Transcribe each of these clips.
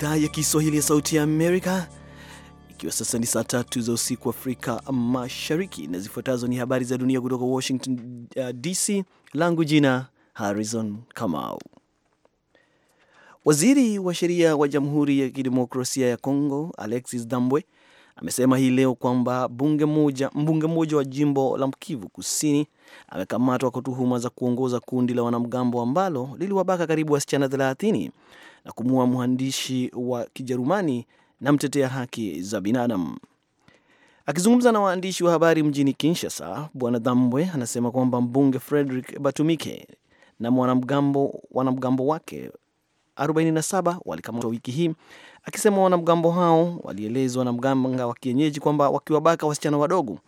idhaa ya Kiswahili ya Sauti ya Amerika, ikiwa sasa ni saa tatu za usiku Afrika Mashariki, na zifuatazo ni habari za dunia kutoka Washington uh, DC. Langu jina Harrison Kamau. Waziri wa sheria wa Jamhuri ya Kidemokrasia ya congo Alexis Dambwe amesema hii leo kwamba bunge moja, mbunge mmoja wa jimbo la mkivu Kusini amekamatwa kwa tuhuma za kuongoza kundi la wanamgambo ambalo liliwabaka karibu wasichana 30 na kumuua mwandishi wa Kijerumani na mtetea haki za binadamu. Akizungumza na waandishi wa habari mjini Kinshasa, Bwana Dhambwe anasema kwamba mbunge Frederick Batumike na wanamgambo, wanamgambo wake 47 walikamatwa wiki hii, akisema wanamgambo hao walielezwa na mganga wa kienyeji kwamba wakiwabaka wasichana wadogo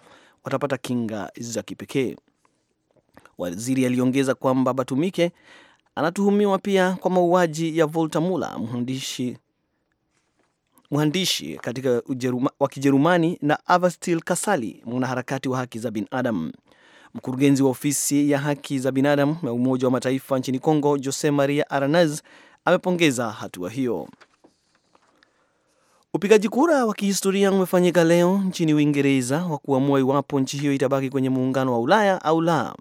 watapata kinga za kipekee. Waziri aliongeza kwamba Batumike Anatuhumiwa pia kwa mauaji ya Volta mula mhandishi mhandishi katika wa Kijerumani na Avastil Kasali, mwanaharakati wa haki za binadamu. Mkurugenzi wa ofisi ya haki za binadamu ya Umoja wa Mataifa nchini Kongo, Jose Maria Aranaz, amepongeza hatua hiyo. Upigaji kura wa kihistoria umefanyika leo nchini Uingereza wa kuamua iwapo nchi hiyo itabaki kwenye muungano wa Ulaya au la.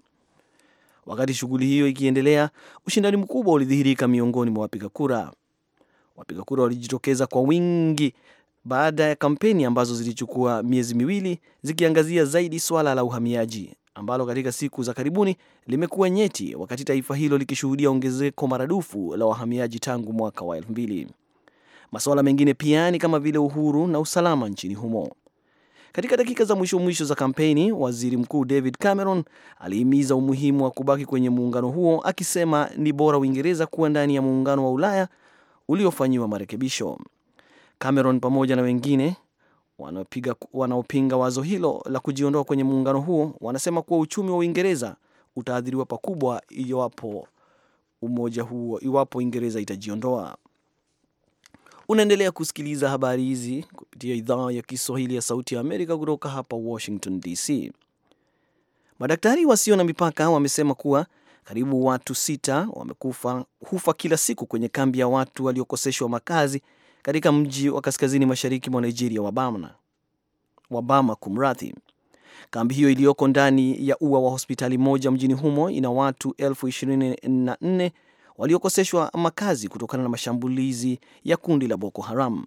Wakati shughuli hiyo ikiendelea, ushindani mkubwa ulidhihirika miongoni mwa wapiga kura. Wapiga kura walijitokeza kwa wingi baada ya kampeni ambazo zilichukua miezi miwili zikiangazia zaidi swala la uhamiaji ambalo katika siku za karibuni limekuwa nyeti, wakati taifa hilo likishuhudia ongezeko maradufu la wahamiaji tangu mwaka wa elfu mbili. Masuala mengine pia ni kama vile uhuru na usalama nchini humo. Katika dakika za mwisho mwisho za kampeni, waziri mkuu David Cameron alihimiza umuhimu wa kubaki kwenye muungano huo, akisema ni bora Uingereza kuwa ndani ya muungano wa Ulaya uliofanyiwa marekebisho. Cameron pamoja na wengine wanaopiga, wanaopinga wazo hilo la kujiondoa kwenye muungano huo wanasema kuwa uchumi wa Uingereza utaathiriwa pakubwa iwapo umoja huo, iwapo Uingereza itajiondoa. Unaendelea kusikiliza habari hizi kupitia idhaa ya Kiswahili ya Sauti ya Amerika kutoka hapa Washington DC. Madaktari Wasio na Mipaka wamesema kuwa karibu watu sita wamekufa hufa kila siku kwenye kambi ya watu waliokoseshwa makazi katika mji wa kaskazini mashariki mwa Nigeria wa Bama. kumrathi kambi hiyo iliyoko ndani ya ua wa hospitali moja mjini humo ina watu elfu ishirini na nne waliokoseshwa makazi kutokana na mashambulizi ya kundi la Boko Haram.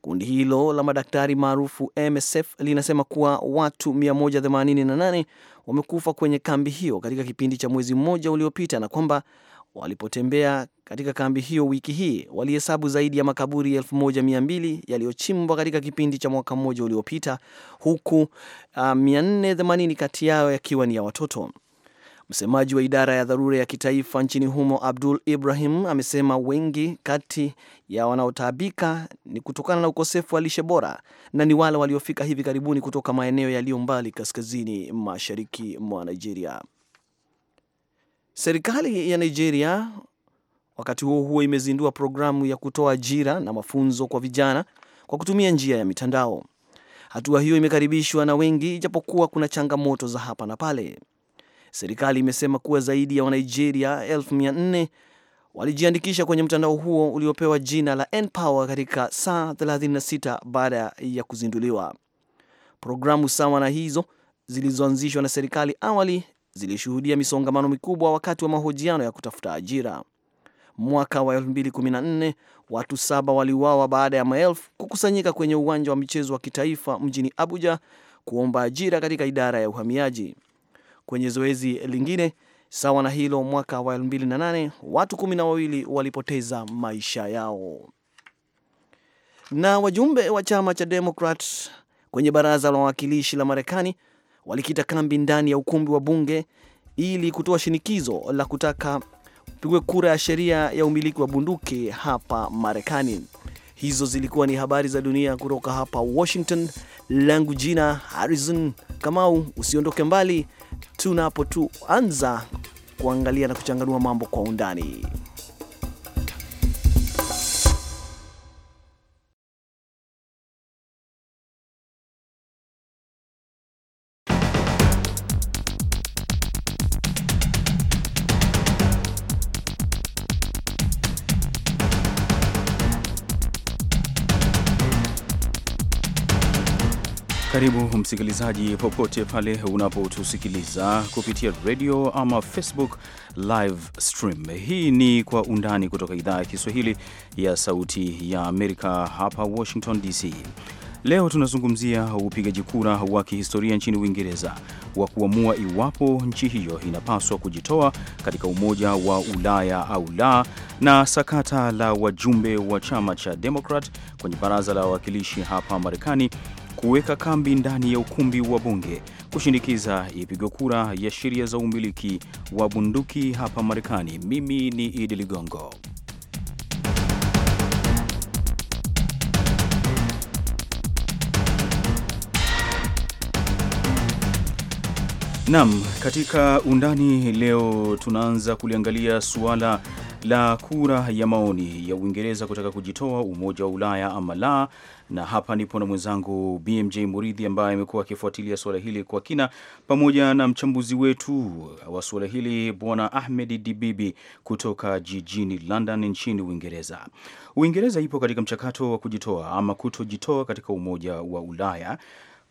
Kundi hilo la madaktari maarufu MSF linasema kuwa watu 188 wamekufa kwenye kambi hiyo katika kipindi cha mwezi mmoja uliopita na kwamba walipotembea katika kambi hiyo wiki hii walihesabu zaidi ya makaburi 1200 yaliyochimbwa katika kipindi cha mwaka mmoja uliopita, huku uh, ah, 480 kati yao yakiwa ni ya watoto. Msemaji wa idara ya dharura ya kitaifa nchini humo Abdul Ibrahim amesema wengi kati ya wanaotaabika ni kutokana na ukosefu wa lishe bora na ni wale waliofika hivi karibuni kutoka maeneo yaliyo mbali kaskazini mashariki mwa Nigeria. Serikali ya Nigeria wakati huo huo imezindua programu ya kutoa ajira na mafunzo kwa vijana kwa kutumia njia ya mitandao. Hatua hiyo imekaribishwa na wengi, ijapokuwa kuna changamoto za hapa na pale. Serikali imesema kuwa zaidi ya Wanigeria 1400 walijiandikisha kwenye mtandao huo uliopewa jina la nPower katika saa 36 baada ya kuzinduliwa. Programu sawa na hizo zilizoanzishwa na serikali awali zilishuhudia misongamano mikubwa wakati wa mahojiano ya kutafuta ajira. Mwaka wa 2014 watu saba waliuawa baada ya maelfu kukusanyika kwenye uwanja wa michezo wa kitaifa mjini Abuja kuomba ajira katika idara ya uhamiaji kwenye zoezi lingine sawa na hilo. Mwaka wa 2008 watu kumi na wawili walipoteza maisha yao. Na wajumbe wa chama cha Democrat kwenye baraza la wawakilishi la Marekani walikita kambi ndani ya ukumbi wa bunge ili kutoa shinikizo la kutaka pigwe kura ya sheria ya umiliki wa bunduki hapa Marekani. Hizo zilikuwa ni habari za dunia kutoka hapa Washington. Langu jina Harrison Kamau. Usiondoke mbali tunapotuanza kuangalia na kuchanganua mambo kwa undani. Karibu msikilizaji, popote pale unapotusikiliza kupitia radio ama Facebook live stream. Hii ni Kwa Undani kutoka idhaa ya Kiswahili ya Sauti ya Amerika, hapa Washington DC. Leo tunazungumzia upigaji kura wa kihistoria nchini Uingereza wa kuamua iwapo nchi hiyo inapaswa kujitoa katika Umoja wa Ulaya au la, na sakata la wajumbe wa chama cha Demokrat kwenye baraza la wawakilishi hapa Marekani kuweka kambi ndani ya ukumbi wa bunge kushinikiza ipigwe kura ya sheria za umiliki wa bunduki hapa Marekani. Mimi ni Idi Ligongo. Naam, katika undani leo tunaanza kuliangalia suala la kura ya maoni ya Uingereza kutaka kujitoa Umoja wa Ulaya ama la, na hapa ndipo na mwenzangu BMJ Muridhi ambaye amekuwa akifuatilia suala hili kwa kina, pamoja na mchambuzi wetu wa suala hili Bwana Ahmed Dibibi kutoka jijini London nchini Uingereza. Uingereza ipo katika mchakato wa kujitoa ama kutojitoa katika Umoja wa Ulaya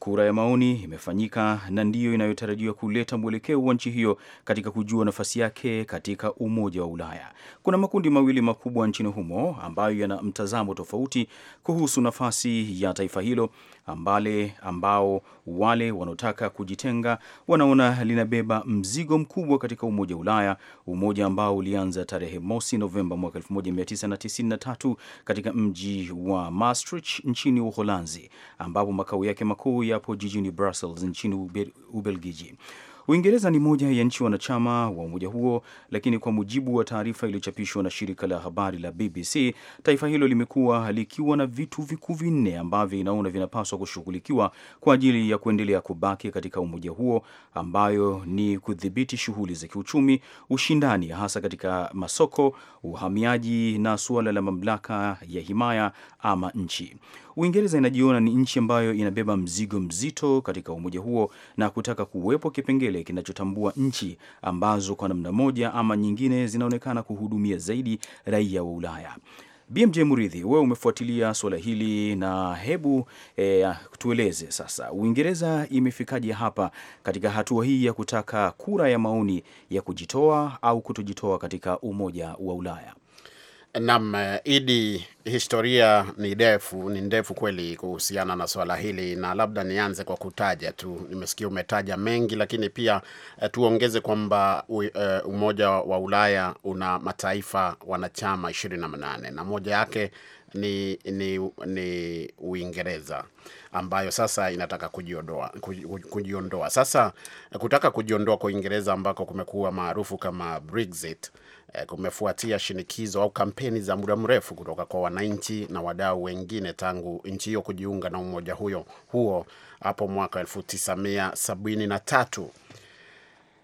Kura ya maoni imefanyika na ndiyo inayotarajiwa kuleta mwelekeo wa nchi hiyo katika kujua nafasi yake katika Umoja wa Ulaya. Kuna makundi mawili makubwa nchini humo ambayo yana mtazamo tofauti kuhusu nafasi ya taifa hilo ambale, ambao wale wanaotaka kujitenga wanaona linabeba mzigo mkubwa katika Umoja wa Ulaya, umoja ambao ulianza tarehe mosi Novemba mwaka 1993 katika mji wa Maastricht nchini Uholanzi ambapo makao yake makuu ya apo giji ni brussels zin chi Uingereza ni moja ya nchi wanachama wa umoja huo, lakini kwa mujibu wa taarifa iliyochapishwa na shirika la habari la BBC, taifa hilo limekuwa likiwa na vitu vikuu vinne ambavyo inaona vinapaswa kushughulikiwa kwa ajili ya kuendelea kubaki katika umoja huo, ambayo ni kudhibiti shughuli za kiuchumi, ushindani hasa katika masoko, uhamiaji na suala la mamlaka ya himaya ama nchi. Uingereza inajiona ni nchi ambayo inabeba mzigo mzito katika umoja huo na kutaka kuwepo kipengele kipaumbele kinachotambua nchi ambazo kwa namna moja ama nyingine zinaonekana kuhudumia zaidi raia wa Ulaya. BMJ Muridhi, wewe umefuatilia suala hili na hebu e, tueleze sasa, Uingereza imefikaje hapa katika hatua hii ya kutaka kura ya maoni ya kujitoa au kutojitoa katika Umoja wa Ulaya? Naam, Idi, historia ni ndefu, ni ndefu kweli kuhusiana na swala hili, na labda nianze kwa kutaja tu. Nimesikia umetaja mengi, lakini pia eh, tuongeze kwamba eh, Umoja wa Ulaya una mataifa wanachama 28 na na moja yake ni, ni, ni Uingereza ambayo sasa inataka kujiondoa, kujiondoa. Sasa kutaka kujiondoa kwa Uingereza ambako kumekuwa maarufu kama Brexit Eh, kumefuatia shinikizo au kampeni za muda mrefu kutoka kwa wananchi na wadau wengine tangu nchi hiyo kujiunga na umoja huyo huo hapo mwaka 1973.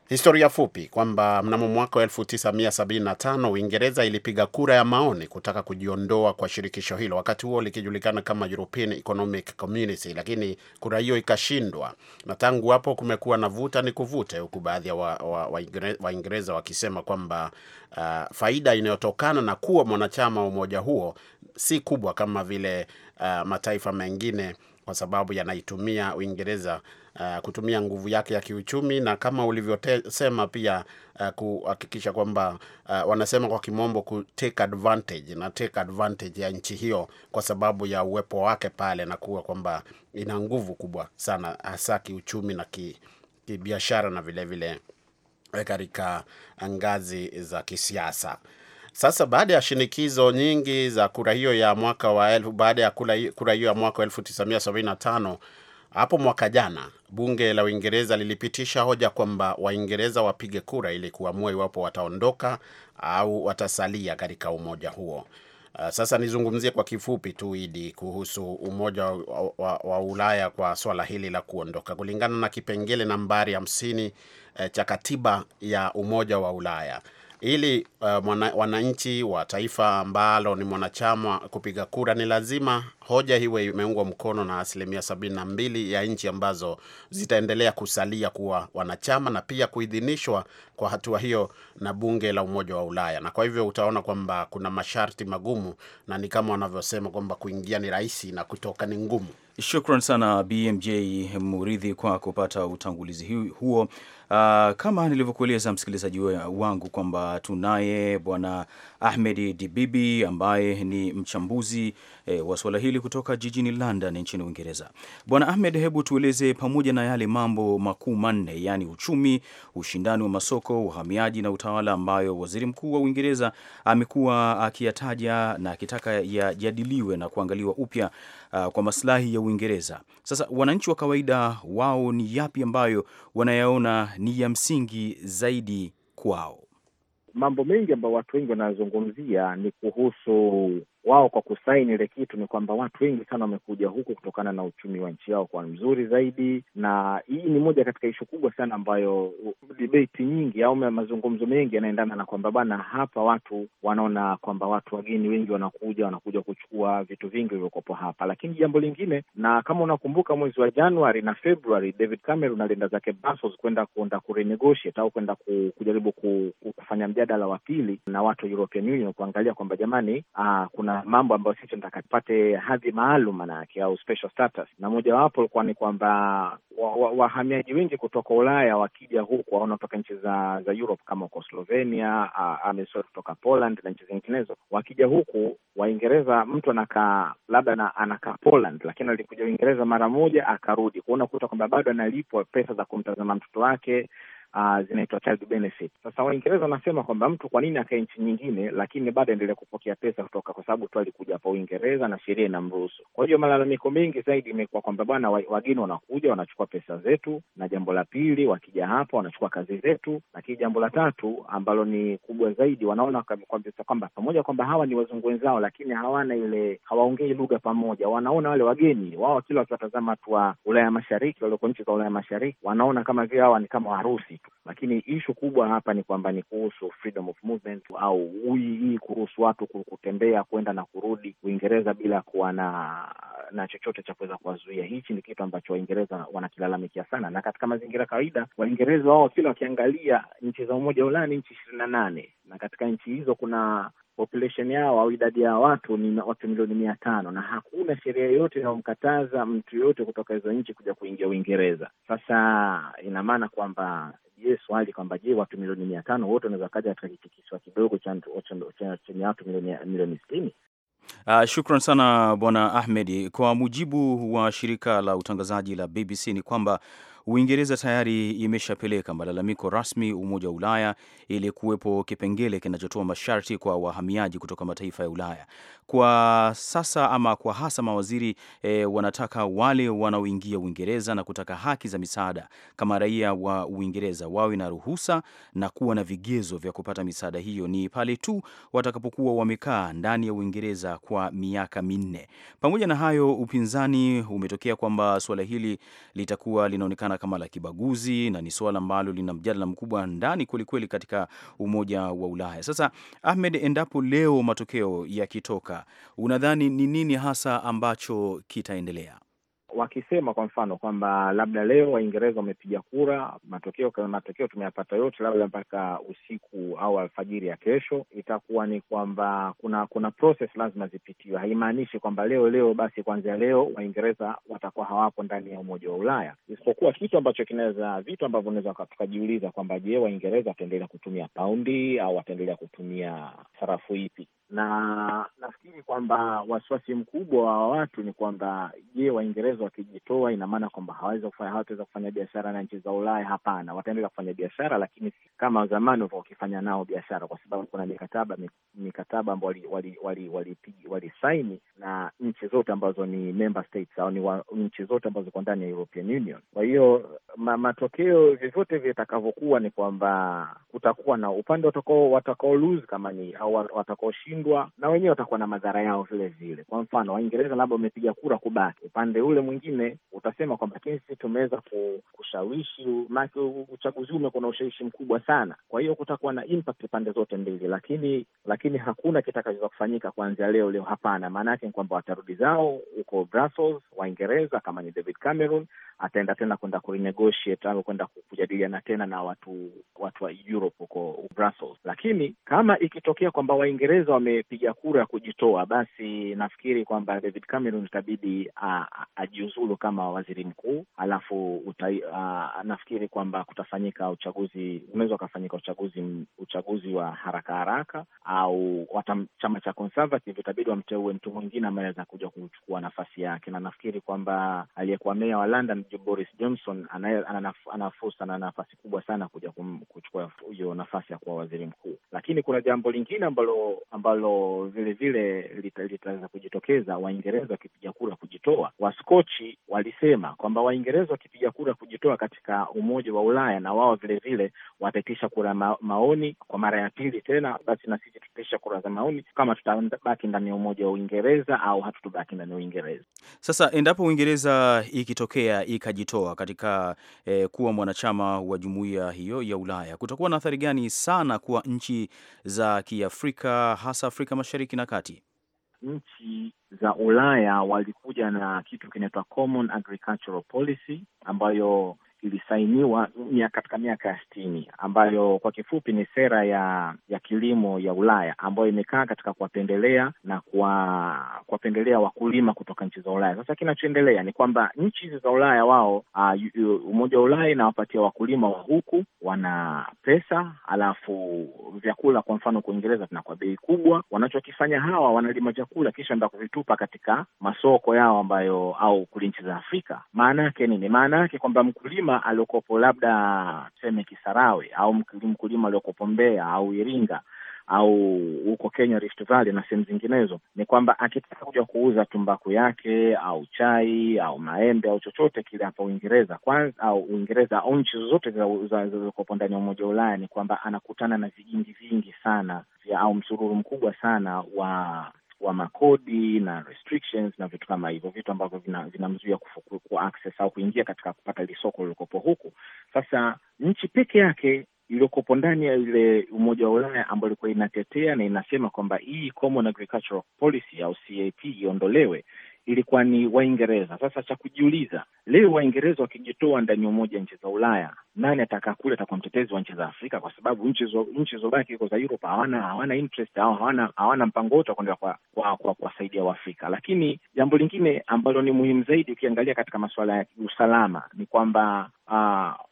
Historia fupi kwamba mnamo mwaka wa 1975 Uingereza ilipiga kura ya maoni kutaka kujiondoa kwa shirikisho hilo, wakati huo likijulikana kama European Economic Community, lakini kura hiyo ikashindwa, na tangu hapo kumekuwa na vuta ni kuvute, huku baadhi ya Waingereza wa, wa wakisema kwamba uh, faida inayotokana na kuwa mwanachama wa umoja huo si kubwa kama vile uh, mataifa mengine kwa sababu yanaitumia Uingereza uh, kutumia nguvu yake ya kiuchumi na kama ulivyosema pia uh, kuhakikisha kwamba uh, wanasema kwa kimombo ku take advantage na take advantage ya nchi hiyo kwa sababu ya uwepo wake pale na kuwa kwamba ina nguvu kubwa sana hasa kiuchumi na kibiashara ki na vilevile eh, katika ngazi za kisiasa. Sasa baada ya shinikizo nyingi za kura hiyo ya mwaka wa elfu, baada ya kura hiyo ya mwaka wa tano hapo mwaka jana bunge la Uingereza lilipitisha hoja kwamba Waingereza wapige kura ili kuamua iwapo wataondoka au watasalia katika umoja huo. Uh, sasa nizungumzie kwa kifupi tu idi kuhusu umoja wa, wa, wa Ulaya kwa swala hili la kuondoka. Kulingana na kipengele nambari hamsini e, cha katiba ya umoja wa Ulaya ili uh, mwana, wananchi wa taifa ambalo ni mwanachama kupiga kura ni lazima hoja hiwe imeungwa mkono na asilimia sabini na mbili ya nchi ambazo zitaendelea kusalia kuwa wanachama na pia kuidhinishwa kwa hatua hiyo na bunge la Umoja wa Ulaya. Na kwa hivyo utaona kwamba kuna masharti magumu, na ni kama wanavyosema kwamba kuingia ni rahisi na kutoka ni ngumu. Shukran sana BMJ Muridhi kwa kupata utangulizi huo. Uh, kama nilivyokueleza msikilizaji wangu kwamba tunaye bwana Ahmed Dibibi ambaye ni mchambuzi eh, wa suala hili kutoka jijini London nchini Uingereza. Bwana Ahmed, hebu tueleze pamoja na yale mambo makuu manne, yaani uchumi, ushindani wa masoko, uhamiaji na utawala, ambayo waziri mkuu wa Uingereza amekuwa akiyataja na akitaka yajadiliwe na kuangaliwa upya uh, kwa maslahi ya Uingereza. Sasa wananchi wa kawaida, wao ni yapi ambayo wanayaona ni ya msingi zaidi kwao? Mambo mengi ambayo watu wengi wanazungumzia ni kuhusu wao kwa kusaini ile kitu ni kwamba watu wengi sana wamekuja huku kutokana na uchumi wa nchi yao kuwa mzuri zaidi, na hii ni moja katika ishu kubwa sana ambayo debate nyingi au mazungumzo mengi yanaendana na kwamba bana, hapa watu wanaona kwamba watu wageni wengi wanakuja wanakuja kuchukua vitu vingi vilivyokopo hapa. Lakini jambo lingine, na kama unakumbuka, mwezi wa Januari na Februari David Cameron alienda zake Brussels kwenda kuenda kurenegotiate au kwenda kujaribu kufanya mjadala wa pili na watu European Union kuangalia kwamba jamani, aa, ah, kuna kuna mambo ambayo sisi tunataka tupate hadhi maalum manake, au special status, na mojawapo ilikuwa ni kwamba wahamiaji wa, wa wengi kutoka Ulaya wakija huku wanaotoka nchi za za Europe kama uko Slovenia amesori kutoka Poland na nchi zinginezo, wakija huku Waingereza, mtu anakaa labda anakaa Poland, lakini alikuja Uingereza mara moja akarudi, kuona kuta kwamba bado analipwa pesa za kumtazama mtoto wake uh, zinaitwa child benefit. Sasa Waingereza wanasema kwamba mtu kwa nini akae nchi nyingine, lakini bado aendelee kupokea pesa kutoka, kwa sababu tu alikuja hapa Uingereza na sheria inamruhusu. Kwa hiyo malalamiko mengi zaidi imekuwa kwamba bwana, wageni wanakuja wanachukua pesa zetu, na jambo la pili, wakija hapa wanachukua kazi zetu, lakini jambo la tatu ambalo ni kubwa zaidi, wanaona kwamba pamoja kwamba hawa ni wazungu wenzao, lakini hawana ile, hawaongei lugha pamoja. Wanaona wale wageni wao, kila wakiwatazama watu wa Ulaya Mashariki, walioko nchi za Ulaya Mashariki, wanaona kama vile hawa ni kama warusi kitu, lakini ishu kubwa hapa ni kwamba ni kuhusu freedom of movement au hii kuruhusu watu kutembea kwenda na kurudi Uingereza bila kuwa na na chochote cha kuweza kuwazuia. Hichi ni kitu ambacho Waingereza wanakilalamikia sana, na katika mazingira kawaida Waingereza wao kila wakiangalia nchi za Umoja wa Ulaya ni nchi ishirini na nane na katika nchi hizo kuna population yao au idadi ya watu ni watu milioni mia tano na hakuna sheria yoyote inayomkataza mtu yoyote kutoka hizo nchi kuja kuingia Uingereza. Sasa ina maana kwamba je, swali kwamba je, watu milioni mia tano wote wanaweza kaja katika kichiswa kidogo chenye watu milioni sitini? Uh, shukran sana Bwana Ahmed. Kwa mujibu wa shirika la utangazaji la BBC ni kwamba Uingereza tayari imeshapeleka malalamiko rasmi Umoja wa Ulaya ili kuwepo kipengele kinachotoa masharti kwa wahamiaji kutoka mataifa ya Ulaya. Kwa sasa ama kwa hasa mawaziri e, wanataka wale wanaoingia Uingereza na kutaka haki za misaada kama raia wa Uingereza wawe na ruhusa na kuwa na vigezo vya kupata misaada hiyo ni pale tu watakapokuwa wamekaa ndani ya Uingereza kwa miaka minne. Pamoja na hayo, upinzani umetokea kwamba suala hili litakuwa linaonekana kama la kibaguzi, na ni suala ambalo lina mjadala mkubwa ndani kwelikweli katika Umoja wa Ulaya. Sasa Ahmed, endapo leo matokeo yakitoka, unadhani ni nini hasa ambacho kitaendelea? wakisema kwa mfano kwamba labda leo Waingereza wamepiga kura, matokeo matokeo tumeyapata yote, labda mpaka usiku au alfajiri ya kesho, itakuwa ni kwamba kuna kuna process lazima zipitiwe. Haimaanishi kwamba leo leo basi kuanzia leo Waingereza watakuwa hawapo ndani ya Umoja wa Ulaya, isipokuwa kitu ambacho kinaweza, vitu ambavyo unaweza tukajiuliza kwamba je, Waingereza wataendelea kutumia paundi au wataendelea kutumia sarafu ipi? na nafikiri kwamba wasiwasi mkubwa wa watu ni kwamba, je, Waingereza wakijitoa ina maana kwamba hawaweza kufanya kufanya biashara na nchi za Ulaya? Hapana, wataendelea kufanya biashara, lakini kama zamani wakifanya nao biashara, kwa sababu kuna mikataba mikataba ambao walisaini wali, wali, wali, wali na nchi zote ambazo ni member states au ni wa, nchi zote ambazo ziko ndani ya European Union. Kwa hiyo ma, matokeo vyovyote vitakavyokuwa ni kwamba kutakuwa na upande watakao watakao lose kama ni au watakaoshinda wakishindwa na wenyewe watakuwa na madhara yao vile vile. Kwa mfano, Waingereza labda wamepiga kura kubaki, upande ule mwingine utasema kwamba lakini sisi tumeweza kushawishi, maanake uchaguzi huu umekuwa na ushawishi mkubwa sana. Kwa hiyo kutakuwa na impact pande zote mbili, lakini lakini hakuna kitakachoweza kufanyika kuanzia leo leo, hapana. Maana yake ni kwamba watarudi zao huko Brussels, Waingereza, kama ni David Cameron ataenda tena kwenda kurenegotiate au kwenda kujadiliana tena na watu watu wa Europe huko Brussels, lakini kama ikitokea kwamba Waingereza wame amepiga kura kujitoa, basi nafikiri kwamba David Cameron itabidi ajiuzulu kama waziri mkuu, alafu uta, a, nafikiri kwamba kutafanyika uchaguzi, unaweza ukafanyika uchaguzi uchaguzi wa haraka haraka, au watam, chama cha Conservative itabidi wamteue mtu mwingine ambaye anaweza kuja kuchukua nafasi yake, na nafikiri kwamba aliyekuwa meya wa London Boris Johnson ana fursa na nafasi kubwa sana kuja kum, kuchukua hiyo nafasi ya kuwa waziri mkuu, lakini kuna jambo lingine ambalo ambalo ambalo vilevile litaweza kujitokeza Waingereza wakipiga kura kujitoa. Waskochi walisema kwamba Waingereza wakipiga kura kujitoa katika Umoja wa Ulaya na wao vilevile wataitisha kura ma maoni kwa mara ya pili tena, basi na sisi tutaitisha kura za maoni kama tutabaki ndani ya Umoja wa Uingereza au hatutobaki ndani ya Uingereza. Sasa endapo Uingereza ikitokea ikajitoa katika eh, kuwa mwanachama wa jumuiya hiyo ya Ulaya, kutakuwa na athari gani sana kwa nchi za Kiafrika hasa Afrika Mashariki na Kati? Nchi za Ulaya walikuja na kitu kinaitwa Common Agricultural Policy ambayo ilisainiwa mia katika miaka ya sitini ambayo kwa kifupi ni sera ya ya kilimo ya Ulaya ambayo imekaa katika kuwapendelea na kuwapendelea wakulima kutoka nchi za Ulaya. Sasa kinachoendelea ni kwamba nchi hizi za Ulaya wao, uh, Umoja wa Ulaya inawapatia wakulima wa huku wana pesa, alafu vyakula kwa mfano kuingereza vinakwa bei kubwa. Wanachokifanya hawa, wanalima chakula kisha enda kuvitupa katika masoko yao ambayo au kuli nchi za Afrika. Maana yake nini? Maana yake kwamba mkulima mkulima aliokopo labda tuseme Kisarawe au mkulima aliokopo Mbeya au Iringa au huko Kenya Rift Valley na sehemu zinginezo, ni kwamba akitaka kuja kuuza tumbaku yake au chai au maembe au chochote kile hapa Uingereza kwanza au Uingereza au nchi zozote zilizokopo ndani ya Umoja wa Ulaya, ni kwamba anakutana na vijingi vingi sana vya, au msururu mkubwa sana wa wa makodi na restrictions na vitu kama hivyo, vitu ambavyo vinamzuia vina access au kuingia katika kupata lisoko lilokopo huku. Sasa nchi peke yake iliyokopo ndani ya ile Umoja wa Ulaya ambayo ilikuwa inatetea na inasema kwamba hii Common Agricultural Policy au CAP iondolewe ilikuwa ni Waingereza. Sasa cha kujiuliza leo, Waingereza wakijitoa ndani ya umoja nchi za Ulaya, nani atakaa kule? Atakuwa mtetezi wa nchi za Afrika, kwa sababu nchi zobaki iko za Europe hawana hawana interest au hawana hawana mpango wote wa kwa kuwasaidia kwa, Waafrika. Lakini jambo lingine ambalo ni muhimu zaidi ukiangalia katika masuala ya usalama ni kwamba uh,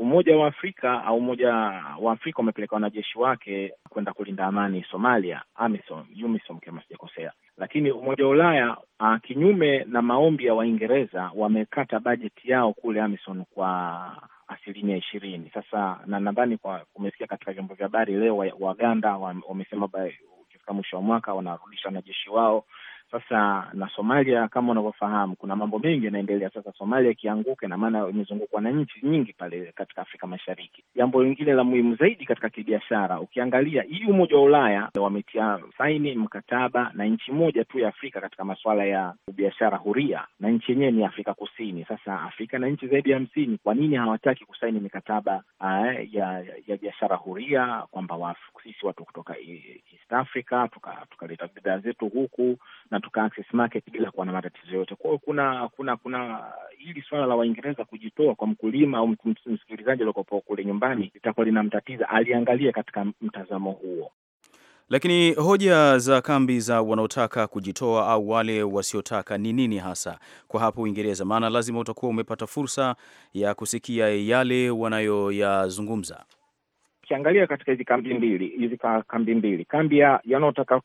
Umoja wa Afrika au Umoja wa Afrika umepeleka wanajeshi wake kwenda kulinda amani Somalia, AMISOM, UMISOM kama sijakosea. Lakini Umoja wa Ulaya a, ah, kinyume na maombi ya Waingereza wamekata bajeti yao kule AMISOM kwa asilimia ishirini. Sasa na nadhani kwa umesikia katika vyombo vya habari leo, Waganda wamesema kifika mwisho wa mwaka wanarudisha wanajeshi wao sasa na Somalia kama unavyofahamu, kuna mambo mengi yanaendelea sasa. Somalia ikianguka, ina maana imezungukwa na nchi nyingi pale katika Afrika Mashariki. Jambo lingine la muhimu zaidi katika kibiashara, ukiangalia hii Umoja wa Ulaya wametia saini mkataba na nchi moja tu ya Afrika katika masuala ya biashara huria, na nchi yenyewe ni Afrika Kusini. Sasa Afrika na nchi zaidi ya hamsini, kwa nini hawataki kusaini mikataba aa, eh, ya ya biashara huria, kwamba sisi watu kutoka e-, East Africa tukaleta tuka bidhaa zetu huku na tuka access market bila kuwa na matatizo yote. Kwa hiyo kuna kuna kuna hili swala la Waingereza kujitoa kwa mkulima au msikilizaji aliokopa kule nyumbani litakuwa linamtatiza, aliangalie katika mtazamo huo. Lakini hoja za kambi za wanaotaka kujitoa au wale wasiotaka ni nini hasa kwa hapo Uingereza? Maana lazima utakuwa umepata fursa ya kusikia yale wanayoyazungumza ukiangalia katika hizi kambi mbili hizi kambi mbili, kambi ya wanaotaka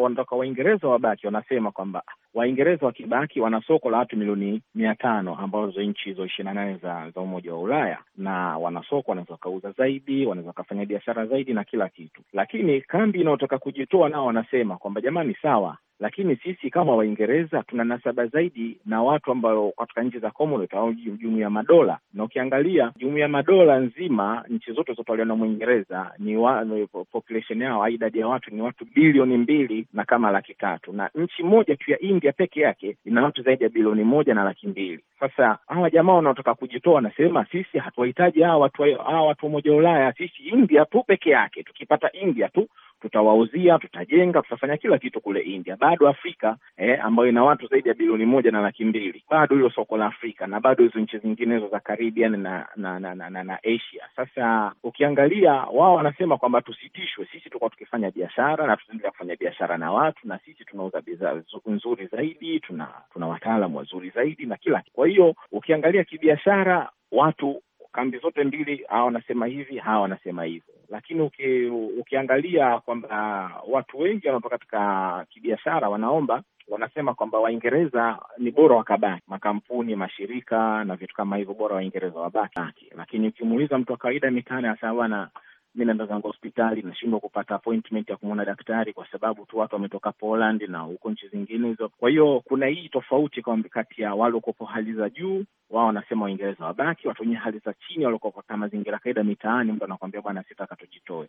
wanataka Waingereza wabaki, wanasema kwamba Waingereza wakibaki wana soko la watu milioni mia tano ambazo nchi hizo ishiri na nane za, za Umoja wa Ulaya, na wana soko wanaweza wakauza zaidi, wanaweza wakafanya biashara zaidi na kila kitu. Lakini kambi inayotaka kujitoa nao wanasema kwamba jamani, sawa lakini sisi kama Waingereza tuna nasaba zaidi na watu ambao katika nchi za Commonwealth au jumuiya ya madola, na ukiangalia jumuiya ya madola nzima, nchi zote zotaliwa na Mwingereza ni wa, population yao, idadi ya watu ni watu bilioni mbili na kama laki tatu, na nchi moja tu ya India peke yake ina watu zaidi ya bilioni moja na laki mbili. Sasa hawa jamaa wanaotaka kujitoa wanasema sisi hatuwahitaji hawa watu hawa watu wa Umoja wa Ulaya, sisi India tu peke yake, tukipata India tu tutawauzia, tutajenga, tutafanya kila kitu kule India. Bado Afrika eh, ambayo ina watu zaidi ya bilioni moja na laki mbili, bado hilo soko la Afrika na bado hizo nchi zingine hizo za Caribbean na na, na, na, na na Asia. Sasa ukiangalia wao wanasema kwamba tusitishwe, sisi tukuwa tukifanya biashara na tutaendelea kufanya biashara na watu, na sisi tunauza bidhaa nzuri zaidi, tuna tuna wataalamu wazuri zaidi na kila. Kwa hiyo ukiangalia kibiashara watu kambi zote mbili, hawa wanasema hivi, hawa wanasema hivyo. Lakini uki, ukiangalia kwamba watu wengi wanaotoka katika kibiashara wanaomba wanasema kwamba Waingereza ni bora wakabaki, makampuni, mashirika na vitu kama hivyo, bora Waingereza wabaki. Lakini ukimuuliza mtu wa kawaida mitaani, anasema bwana mi naenda zangu hospitali, nashindwa kupata appointment ya kumwona daktari kwa sababu tu watu wametoka Poland na huko nchi zingine hizo. Kwa hiyo kuna hii tofauti kati ya waliokopo hali za juu, wao wanasema Waingereza wabaki, watu wenye hali za chini waliokopo katika mazingira kaida mitaani, mtu anakuambia bwana, sitaka tujitoe.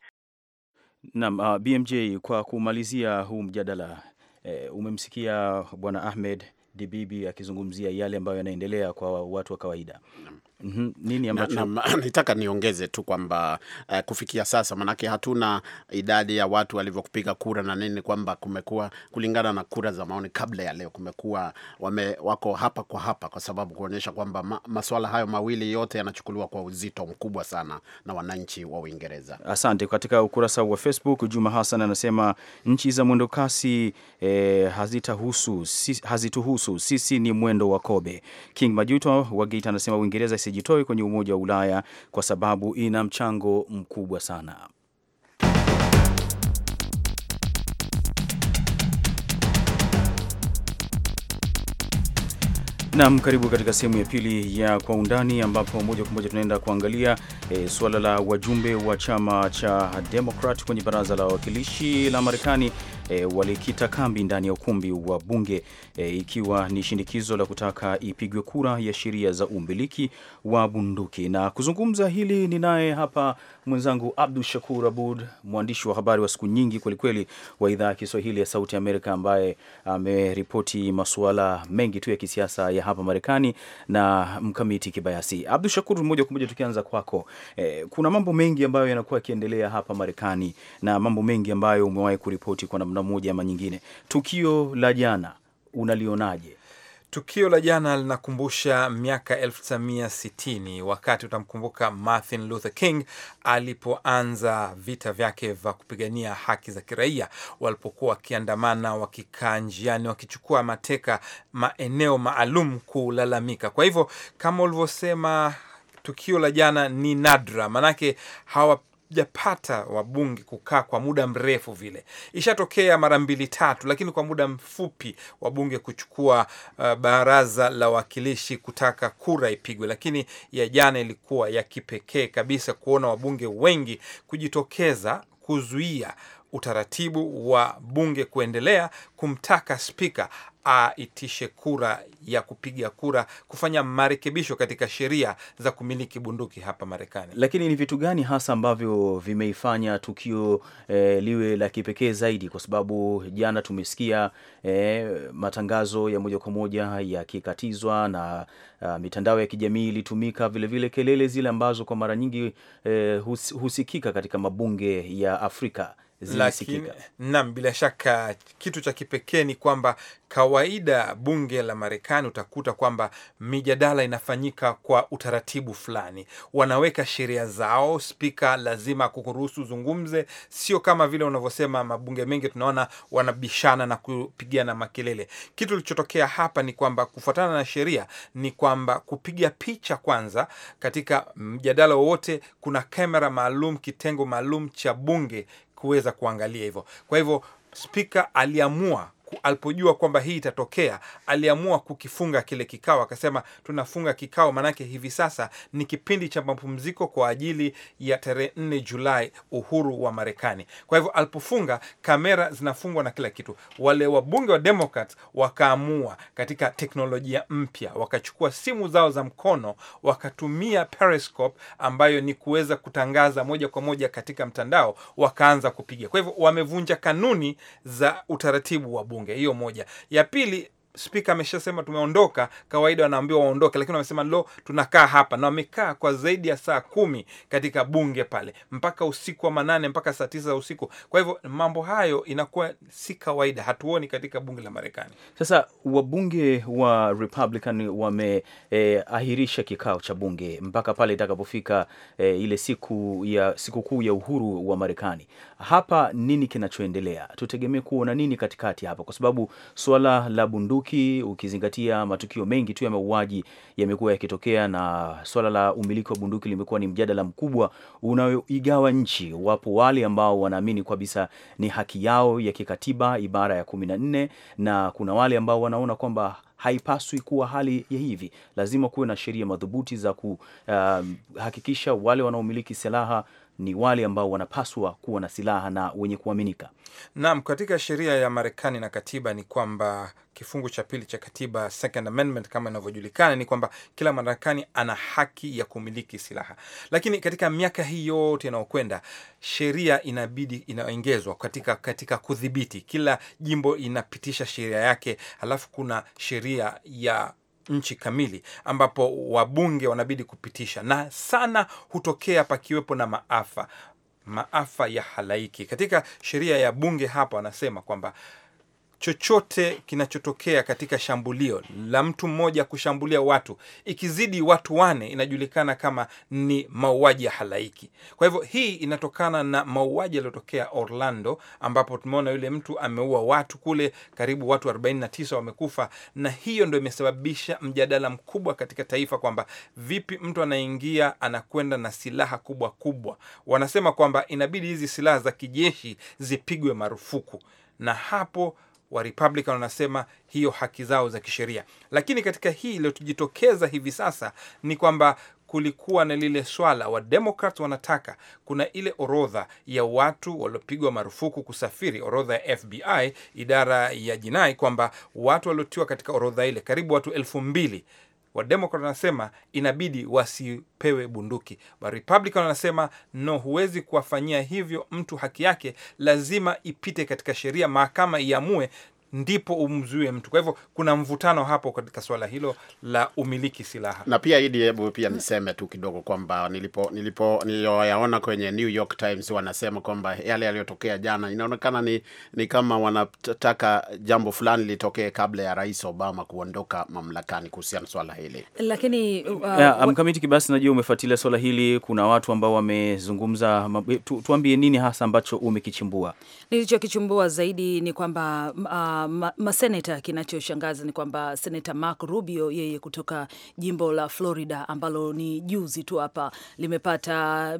nam uh, ah, BMJ kwa kumalizia huu mjadala eh, umemsikia bwana Ahmed Dibibi akizungumzia yale ambayo yanaendelea kwa watu wa kawaida. Mm nitaka niongeze tu kwamba uh, kufikia sasa manake hatuna idadi ya watu walivyokupiga kura na nini, kwamba kumekuwa kulingana na kura za maoni kabla ya leo, kumekuwa wame, wako hapa kwa hapa, kwa sababu kuonyesha kwamba ma, masuala hayo mawili yote yanachukuliwa kwa uzito mkubwa sana na wananchi wa Uingereza. Asante. Katika ukurasa wa Facebook Juma Hassan anasema nchi za mwendo kasi eh, hazitahusu si, hazituhusu sisi ni mwendo wa kobe. King Majuto wa Geita anasema Uingereza si isijitoe kwenye Umoja wa Ulaya kwa sababu ina mchango mkubwa sana. Nam, karibu katika sehemu ya pili ya Kwa Undani, ambapo moja kwa moja tunaenda kuangalia e, suala la wajumbe wa chama cha Democrat kwenye baraza la wawakilishi la Marekani e, walikita kambi ndani ya ukumbi wa bunge e, ikiwa ni shinikizo la kutaka ipigwe kura ya sheria za umiliki wa bunduki. Na kuzungumza hili ni naye hapa mwenzangu Abdu Shakur Abud, mwandishi wa habari wa siku nyingi kwelikweli wa idhaa ya Kiswahili ya Sauti Amerika, ambaye ameripoti masuala mengi tu ya kisiasa ya hapa Marekani na mkamiti Kibayasi. Abdu Shakur, moja kwa moja tukianza kwako, e, kuna mambo mengi ambayo yanakuwa yakiendelea hapa Marekani na mambo mengi ambayo umewahi kuripoti kwa namna namna moja ama nyingine. Tukio la jana unalionaje? Tukio la jana linakumbusha miaka 1960 wakati utamkumbuka Martin Luther King alipoanza vita vyake vya kupigania haki za kiraia, walipokuwa wakiandamana, wakikaa njiani, wakichukua mateka maeneo maalum kulalamika. Kwa hivyo kama ulivyosema tukio la jana ni nadra, maanake hawa hatujapata wabunge kukaa kwa muda mrefu vile. Ishatokea mara mbili tatu, lakini kwa muda mfupi wabunge kuchukua uh, baraza la wakilishi kutaka kura ipigwe, lakini ya jana ilikuwa ya kipekee kabisa kuona wabunge wengi kujitokeza kuzuia utaratibu wa bunge kuendelea kumtaka spika aitishe kura ya kupiga kura kufanya marekebisho katika sheria za kumiliki bunduki hapa Marekani. Lakini ni vitu gani hasa ambavyo vimeifanya tukio eh, liwe la kipekee zaidi? Kwa sababu jana tumesikia eh, matangazo ya moja kwa moja yakikatizwa na uh, mitandao ya kijamii ilitumika vilevile, kelele zile ambazo kwa mara nyingi eh, hus, husikika katika mabunge ya Afrika nam Naam, bila shaka kitu cha kipekee ni kwamba kawaida bunge la Marekani utakuta kwamba mijadala inafanyika kwa utaratibu fulani, wanaweka sheria zao. Spika lazima kuruhusu zungumze, sio kama vile unavyosema mabunge mengi tunaona wanabishana na kupigana makelele. Kitu kilichotokea hapa ni kwamba kufuatana na sheria ni kwamba kupiga picha kwanza, katika mjadala wowote kuna kamera maalum, kitengo maalum cha bunge kuweza kuangalia hivyo. Kwa hivyo spika aliamua alipojua kwamba hii itatokea, aliamua kukifunga kile kikao, akasema tunafunga kikao, maanake hivi sasa ni kipindi cha mapumziko kwa ajili ya tarehe 4 Julai, uhuru wa Marekani. Kwa hivyo alipofunga, kamera zinafungwa na kila kitu. Wale wabunge wa Democrats wakaamua katika teknolojia mpya, wakachukua simu zao za mkono, wakatumia Periscope ambayo ni kuweza kutangaza moja kwa moja katika mtandao, wakaanza kupiga. Kwa hivyo wamevunja kanuni za utaratibu wa bunge bunge Hiyo moja. Ya pili, spika ameshasema tumeondoka, kawaida wanaambiwa waondoke, lakini wamesema lo, tunakaa hapa, na wamekaa kwa zaidi ya saa kumi katika bunge pale mpaka usiku wa manane mpaka saa tisa za usiku. Kwa hivyo mambo hayo inakuwa si kawaida, hatuoni katika bunge la Marekani. Sasa wabunge wa Republican wameahirisha eh, kikao cha bunge mpaka pale itakapofika eh, ile siku ya sikukuu ya uhuru wa Marekani. Hapa nini kinachoendelea? Tutegemee kuona nini katikati hapa, kwa sababu suala la bunduki bunduki, ukizingatia matukio mengi tu ya mauaji yamekuwa yakitokea, na swala la umiliki wa bunduki limekuwa ni mjadala mkubwa unaoigawa nchi. Wapo wale ambao wanaamini kabisa ni haki yao ya kikatiba, ibara ya kumi na nne, na kuna wale ambao wanaona kwamba haipaswi kuwa hali ya hivi, lazima kuwe na sheria madhubuti za kuhakikisha um, wale wanaomiliki silaha ni wale ambao wanapaswa kuwa na silaha na wenye kuaminika. Naam, katika sheria ya Marekani na katiba ni kwamba kifungu cha pili cha katiba, Second Amendment, kama inavyojulikana ni kwamba kila Marekani ana haki ya kumiliki silaha, lakini katika miaka hii yote inayokwenda sheria inabidi inaongezwa katika, katika kudhibiti. Kila jimbo inapitisha sheria yake, alafu kuna sheria ya nchi kamili ambapo wabunge wanabidi kupitisha, na sana hutokea pakiwepo na maafa maafa ya halaiki. Katika sheria ya bunge hapa wanasema kwamba chochote kinachotokea katika shambulio la mtu mmoja kushambulia watu, ikizidi watu wane, inajulikana kama ni mauaji ya halaiki. Kwa hivyo hii inatokana na mauaji yaliyotokea Orlando, ambapo tumeona yule mtu ameua watu kule, karibu watu 49 wamekufa, na hiyo ndo imesababisha mjadala mkubwa katika taifa kwamba vipi mtu anaingia anakwenda na silaha kubwa kubwa. Wanasema kwamba inabidi hizi silaha za kijeshi zipigwe marufuku, na hapo wa Republican wanasema hiyo haki zao za kisheria. Lakini katika hii iliotujitokeza hivi sasa ni kwamba kulikuwa na lile swala wa wanataka kuna ile orodha ya watu waliopigwa marufuku kusafiri, orodha ya FBI, idara ya jinai, kwamba watu waliotiwa katika orodha ile karibu watu elfu mbili Wademokrat wanasema inabidi wasipewe bunduki. Warepublican wanasema no, huwezi kuwafanyia hivyo mtu haki yake, lazima ipite katika sheria, mahakama iamue ndipo umzuie mtu. Kwa hivyo kuna mvutano hapo katika swala hilo la umiliki silaha. Na pia idi hebu pia niseme tu kidogo kwamba nilipo nilipo niliyoyaona kwenye New York Times wanasema kwamba yale yaliyotokea jana inaonekana ni, ni kama wanataka jambo fulani litokee kabla ya Rais Obama kuondoka mamlakani kuhusiana swala hili. Lakini uh, yeah, mkamiti kibasi, najua umefuatilia swala hili, kuna watu ambao wamezungumza tu, tuambie nini hasa ambacho umekichimbua. Nilichokichimbua zaidi ni kwamba uh, ma, maseneta. Kinachoshangaza ni kwamba seneta Mark Rubio yeye kutoka jimbo la Florida ambalo ni juzi tu hapa limepata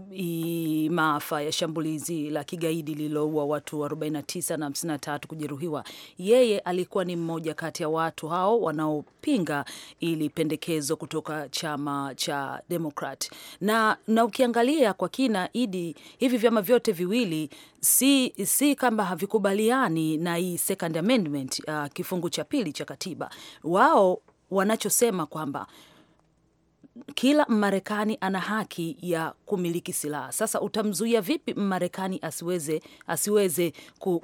maafa ya shambulizi la kigaidi lililoua watu 49 na 53 kujeruhiwa. Yeye alikuwa ni mmoja kati ya watu hao wanaopinga ili pendekezo kutoka chama cha Democrat na, na ukiangalia kwa kina idi hivi vyama vyote viwili si, si kama havikubaliani na hii second amendment amendment uh, kifungu cha pili cha katiba wao wanachosema kwamba kila Mmarekani ana haki ya kumiliki silaha. Sasa utamzuia vipi Mmarekani asiweze, asiweze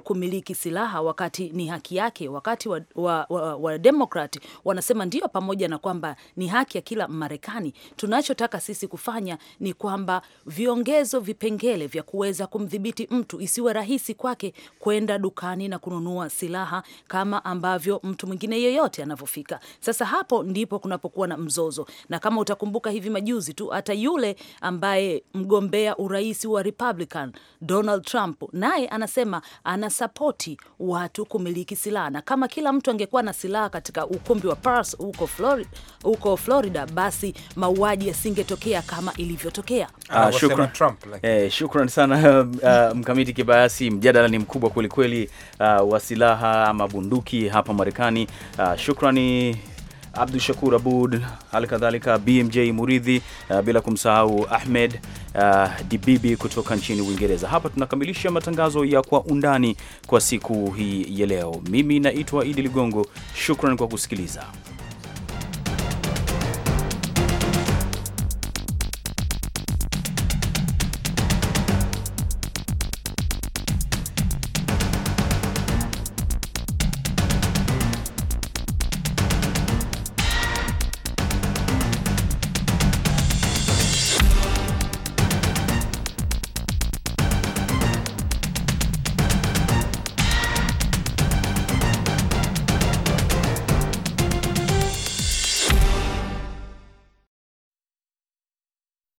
kumiliki silaha wakati ni haki yake? Wakati wa, wa, wa, wa wanasema ndio, pamoja na kwamba ni haki ya kila Mmarekani, tunachotaka sisi kufanya ni kwamba viongezo, vipengele vya kuweza kumdhibiti mtu, isiwe rahisi kwake kwenda dukani na kununua silaha kama ambavyo mtu mwingine yeyote anavyofika. Sasa hapo ndipo kunapokuwa na mzozo na kama Utakumbuka hivi majuzi tu hata yule ambaye mgombea urais wa Republican Donald Trump naye anasema anasapoti watu kumiliki silaha, na kama kila mtu angekuwa na silaha katika ukumbi wa Paris huko Florida, huko Florida basi mauaji yasingetokea kama ilivyotokea. Ah, shukran, Trump, like. Eh, shukran sana uh, mkamiti kibayasi. Mjadala ni mkubwa kwelikweli, uh, wa silaha ama bunduki hapa Marekani. Uh, shukrani Abdu Shakur Abud, hali kadhalika BMJ Muridhi, uh, bila kumsahau Ahmed uh, Dibibi kutoka nchini Uingereza. Hapa tunakamilisha matangazo ya Kwa Undani kwa siku hii ya leo. Mimi naitwa Idi Ligongo, shukran kwa kusikiliza.